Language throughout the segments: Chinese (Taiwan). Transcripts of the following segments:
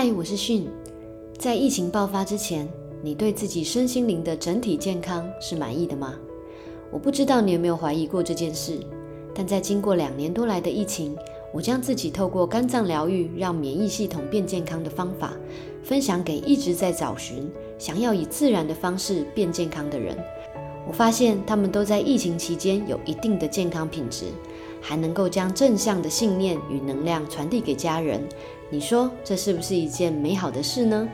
嗨，Hi, 我是迅。在疫情爆發之前，你對自己身心靈的整體健康是滿意的嗎？我不知道你有沒有懷疑過這件事，但在經過兩年多來的疫情，我將自己透過肝臟療癒讓免疫系統變健康的方法，分享給一直在找尋、想要以自然的方式變健康的人。我發現他們都在疫情期間有一定的健康品質，還能夠將正向的信念與能量傳遞給家人。你說這是不是一件美好的事呢？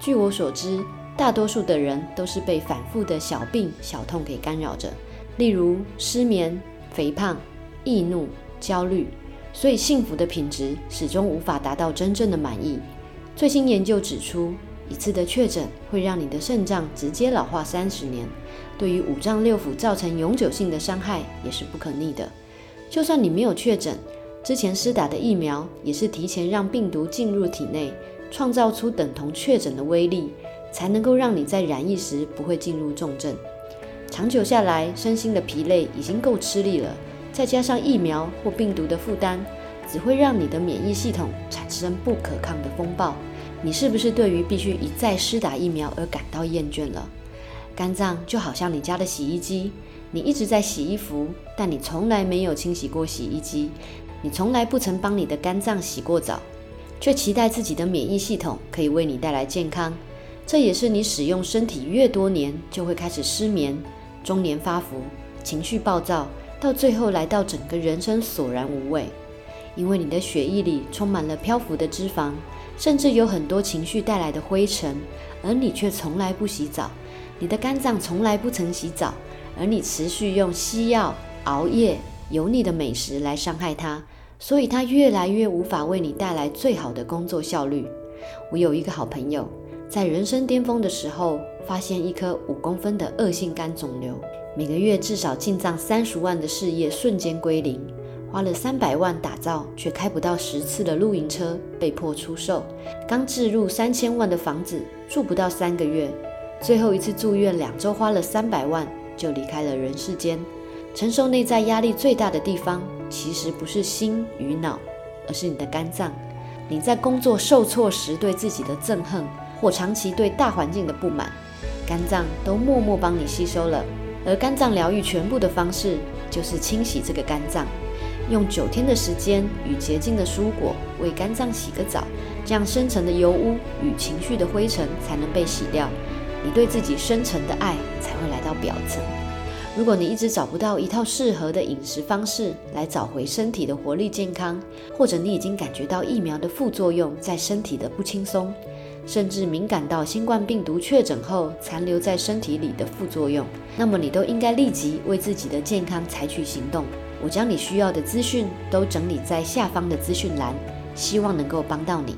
據我所知，大多數的人都是被反復的小病小痛給干擾着，例如失眠、肥胖、易怒、焦慮，所以幸福的品質始終無法達到真正的滿意。最新研究指出，一次的確診會讓你的腎臟直接老化三十年，對於五臟六腑造成永久性的傷害也是不可逆的。就算你沒有確診。之前施打的疫苗也是提前讓病毒進入體內，創造出等同確診的威力，才能夠讓你在染疫時不會進入重症。長久下來，身心的疲累已經夠吃力了，再加上疫苗或病毒的負擔，只會讓你的免疫系統產生不可抗的風暴。你是不是對於必須一再施打疫苗而感到厭倦了？肝臟就好像你家的洗衣機。你一直在洗衣服，但你從來沒有清洗過洗衣機。你從來不曾幫你的肝臟洗過澡，卻期待自己的免疫系統可以為你帶來健康。這也是你使用身體越多年，就會開始失眠、中年發福、情緒暴躁，到最後來到整個人生索然無味。因為你的血液裡充滿了漂浮的脂肪，甚至有很多情緒帶來的灰塵，而你卻從來不洗澡，你的肝臟從來不曾洗澡。而你持續用西藥、熬夜、油膩的美食來傷害它，所以它越來越無法為你帶來最好的工作效率。我有一個好朋友，在人生巔峰的時候發現一顆五公分的惡性肝腫瘤，每個月至少進賬三十萬的事業瞬間歸零，花了三百萬打造卻開不到十次的露營車被迫出售，剛置入三千萬的房子住不到三個月，最後一次住院兩周花了三百萬。就離開了人世間。承受內在壓力最大的地方，其實不是心與腦，而是你的肝臟。你在工作受挫時對自己的憎恨，或長期對大環境的不滿，肝臟都默默幫你吸收了。而肝臟療癒全部的方式，就是清洗這個肝臟。用九天的時間與潔淨的蔬果，為肝臟洗個澡，這樣深層的油污與情緒的灰塵才能被洗掉。你對自己深層的愛才會來到表層。如果你一直找不到一套適合的飲食方式來找回身體的活力健康，或者你已經感覺到疫苗的副作用在身體的不輕鬆，甚至敏感到新冠病毒確診後殘留在身體裡的副作用，那麼你都應該立即為自己的健康採取行動。我將你需要的資訊都整理在下方的資訊欄，希望能夠幫到你。